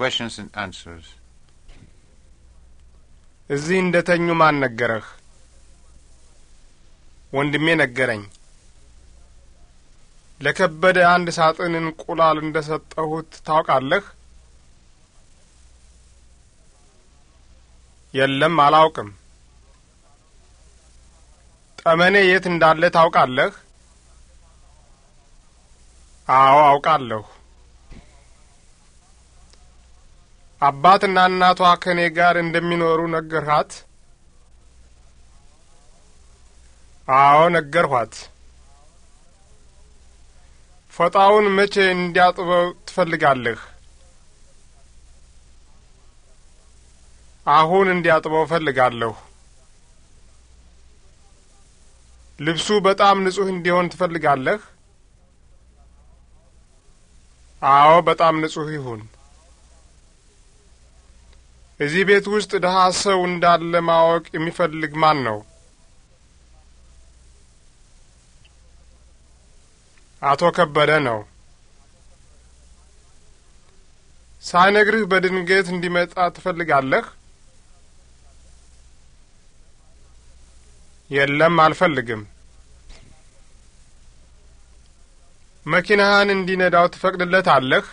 questions and answers እዚህ እንደ ተኙ ማን ነገረህ? ወንድሜ ነገረኝ። ለከበደ አንድ ሳጥን እንቁላል እንደ ሰጠሁት ታውቃለህ? የለም፣ አላውቅም። ጠመኔ የት እንዳለ ታውቃለህ? አዎ፣ አውቃለሁ። አባትና እናቷ ከእኔ ጋር እንደሚኖሩ ነገርኋት? አዎ ነገርኋት። ፎጣውን መቼ እንዲያጥበው ትፈልጋለህ? አሁን እንዲያጥበው እፈልጋለሁ። ልብሱ በጣም ንጹህ እንዲሆን ትፈልጋለህ? አዎ በጣም ንጹህ ይሁን። እዚህ ቤት ውስጥ ድሀ ሰው እንዳለ ማወቅ የሚፈልግ ማን ነው? አቶ ከበደ ነው። ሳይነግርህ በድንገት እንዲመጣ ትፈልጋለህ? የለም፣ አልፈልግም። መኪናህን እንዲነዳው ትፈቅድለታለህ?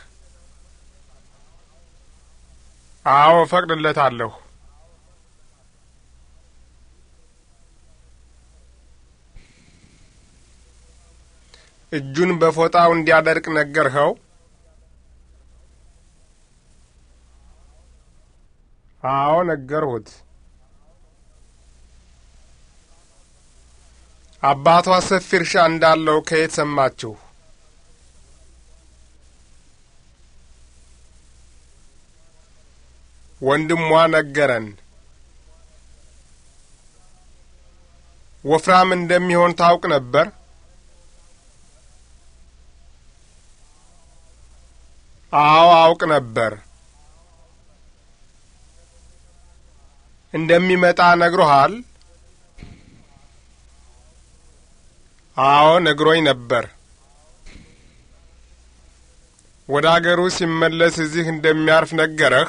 አዎ እፈቅድለታለሁ። እጁን በፎጣው እንዲያደርቅ ነገርኸው? አዎ ነገርሁት። አባቷ ሰፊ እርሻ እንዳለው ከየት ሰማችሁ? ወንድሟ ነገረን። ወፍራም እንደሚሆን ታውቅ ነበር? አዎ አውቅ ነበር። እንደሚመጣ ነግሮሃል? አዎ ነግሮኝ ነበር። ወደ አገሩ ሲመለስ እዚህ እንደሚያርፍ ነገረህ?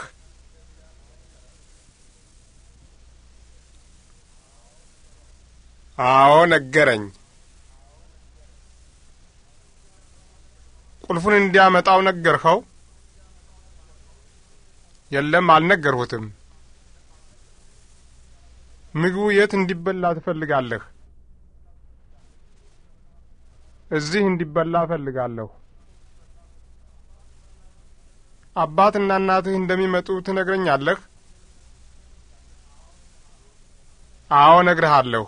አዎ ነገረኝ። ቁልፉን እንዲያመጣው ነገርኸው? የለም አልነገርሁትም። ምግቡ የት እንዲበላ ትፈልጋለህ? እዚህ እንዲበላ እፈልጋለሁ። አባትና እናትህ እንደሚመጡ ትነግረኛለህ? አዎ እነግርሃለሁ።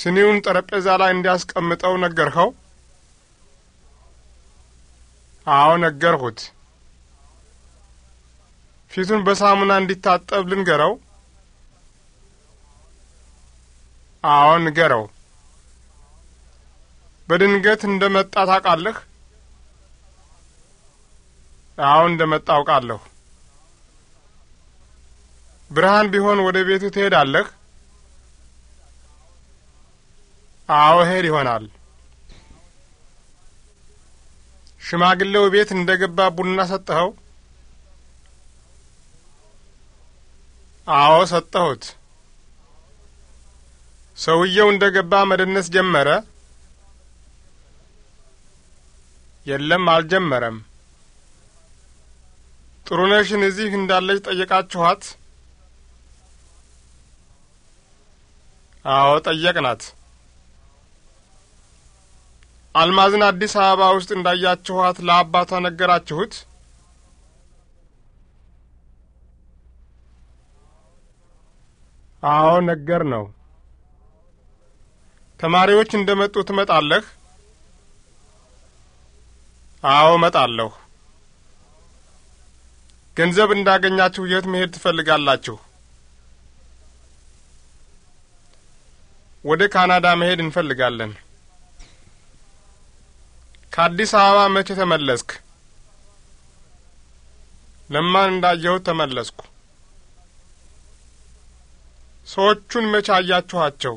ስኒውን ጠረጴዛ ላይ እንዲያስቀምጠው ነገርኸው? አዎ ነገርሁት። ፊቱን በሳሙና እንዲታጠብ ልንገረው? አዎ ንገረው። በድንገት እንደ መጣ ታውቃለህ? አዎ እንደ መጣ አውቃለሁ። ብርሃን ቢሆን ወደ ቤቱ ትሄዳለህ? አዎ ሄድ ይሆናል። ሽማግሌው ቤት እንደ ገባ ቡና ሰጠኸው? አዎ ሰጠሁት። ሰውየው እንደ ገባ መደነስ ጀመረ? የለም አልጀመረም። ጥሩነሽን እዚህ እንዳለች ጠየቃችኋት? አዎ ጠየቅናት። አልማዝን አዲስ አበባ ውስጥ እንዳያችኋት ለአባቷ ነገራችሁት? አዎ ነገር ነው። ተማሪዎች እንደ መጡ ትመጣለህ? አዎ እመጣለሁ። ገንዘብ እንዳገኛችሁ የት መሄድ ትፈልጋላችሁ? ወደ ካናዳ መሄድ እንፈልጋለን። ከአዲስ አበባ መቼ ተመለስክ? ለማን እንዳየሁት ተመለስኩ። ሰዎቹን መቼ አያችኋቸው?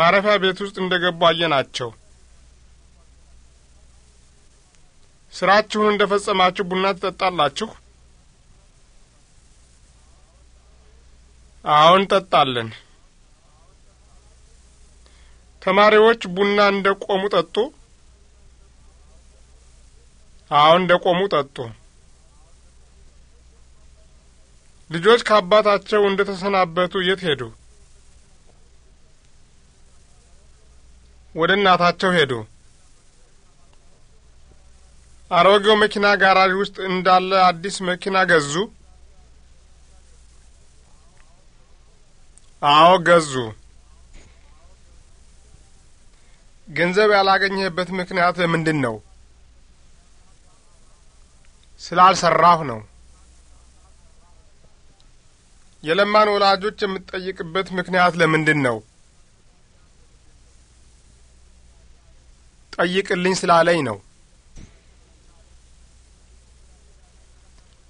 ማረፊያ ቤት ውስጥ እንደ ገቡ አየናቸው። ስራችሁን እንደ ፈጸማችሁ ቡና ትጠጣላችሁ? አሁን እንጠጣለን። ተማሪዎች ቡና እንደ ቆሙ ጠጡ? አዎ እንደ ቆሙ ጠጡ። ልጆች ከአባታቸው እንደ ተሰናበቱ የት ሄዱ? ወደ እናታቸው ሄዱ። አሮጌው መኪና ጋራዥ ውስጥ እንዳለ አዲስ መኪና ገዙ? አዎ ገዙ። ገንዘብ ያላገኘህበት ምክንያት ምንድን ነው? ስላልሰራሁ ነው። የለማን ወላጆች የምትጠይቅበት ምክንያት ለምንድን ነው? ጠይቅልኝ ስላለኝ ነው።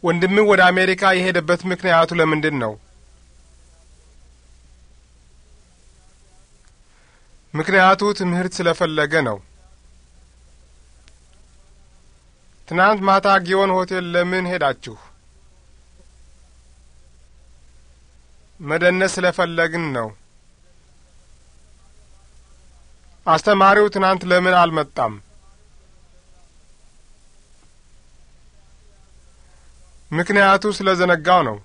ወንድምህ ወደ አሜሪካ የሄደበት ምክንያቱ ለምንድን ነው? ምክንያቱ ትምህርት ስለፈለገ ነው። ትናንት ማታ ጊዮን ሆቴል ለምን ሄዳችሁ? መደነስ ስለፈለግን ነው። አስተማሪው ትናንት ለምን አልመጣም? ምክንያቱ ስለዘነጋው ነው።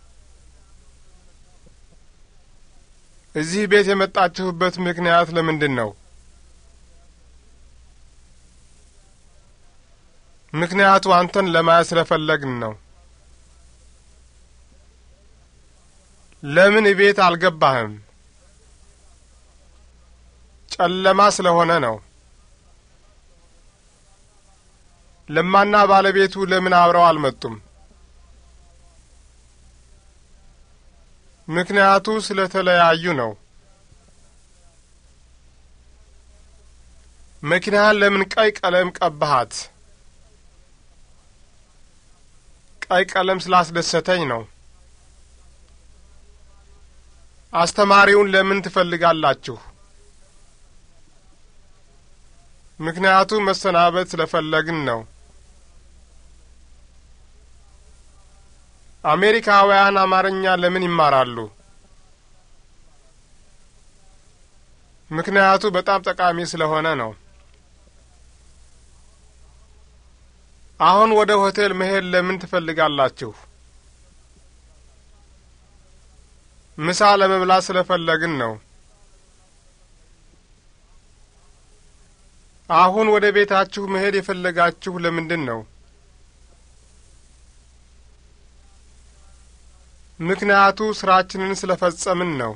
እዚህ ቤት የመጣችሁበት ምክንያት ለምንድን ነው? ምክንያቱ አንተን ለማየት ስለፈለግን ነው። ለምን ቤት አልገባህም? ጨለማ ስለሆነ ነው። ለማና ባለቤቱ ለምን አብረው አልመጡም? ምክንያቱ ስለተለያዩ ነው። መኪናህን ለምን ቀይ ቀለም ቀባሃት? ቀይ ቀለም ስላስደሰተኝ ነው። አስተማሪውን ለምን ትፈልጋላችሁ? ምክንያቱ መሰናበት ስለፈለግን ነው። አሜሪካውያን አማርኛ ለምን ይማራሉ? ምክንያቱ በጣም ጠቃሚ ስለሆነ ነው። አሁን ወደ ሆቴል መሄድ ለምን ትፈልጋላችሁ? ምሳ ለመብላት ስለፈለግን ነው። አሁን ወደ ቤታችሁ መሄድ የፈለጋችሁ ለምንድን ነው? ምክንያቱ ስራችንን ስለፈጸምን ነው።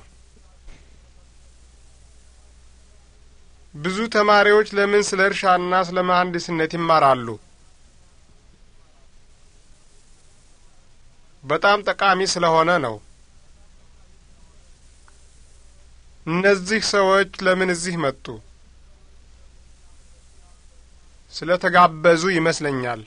ብዙ ተማሪዎች ለምን ስለ እርሻና ስለ መሐንዲስነት ይማራሉ? በጣም ጠቃሚ ስለሆነ ነው። እነዚህ ሰዎች ለምን እዚህ መጡ? ስለ ተጋበዙ ይመስለኛል።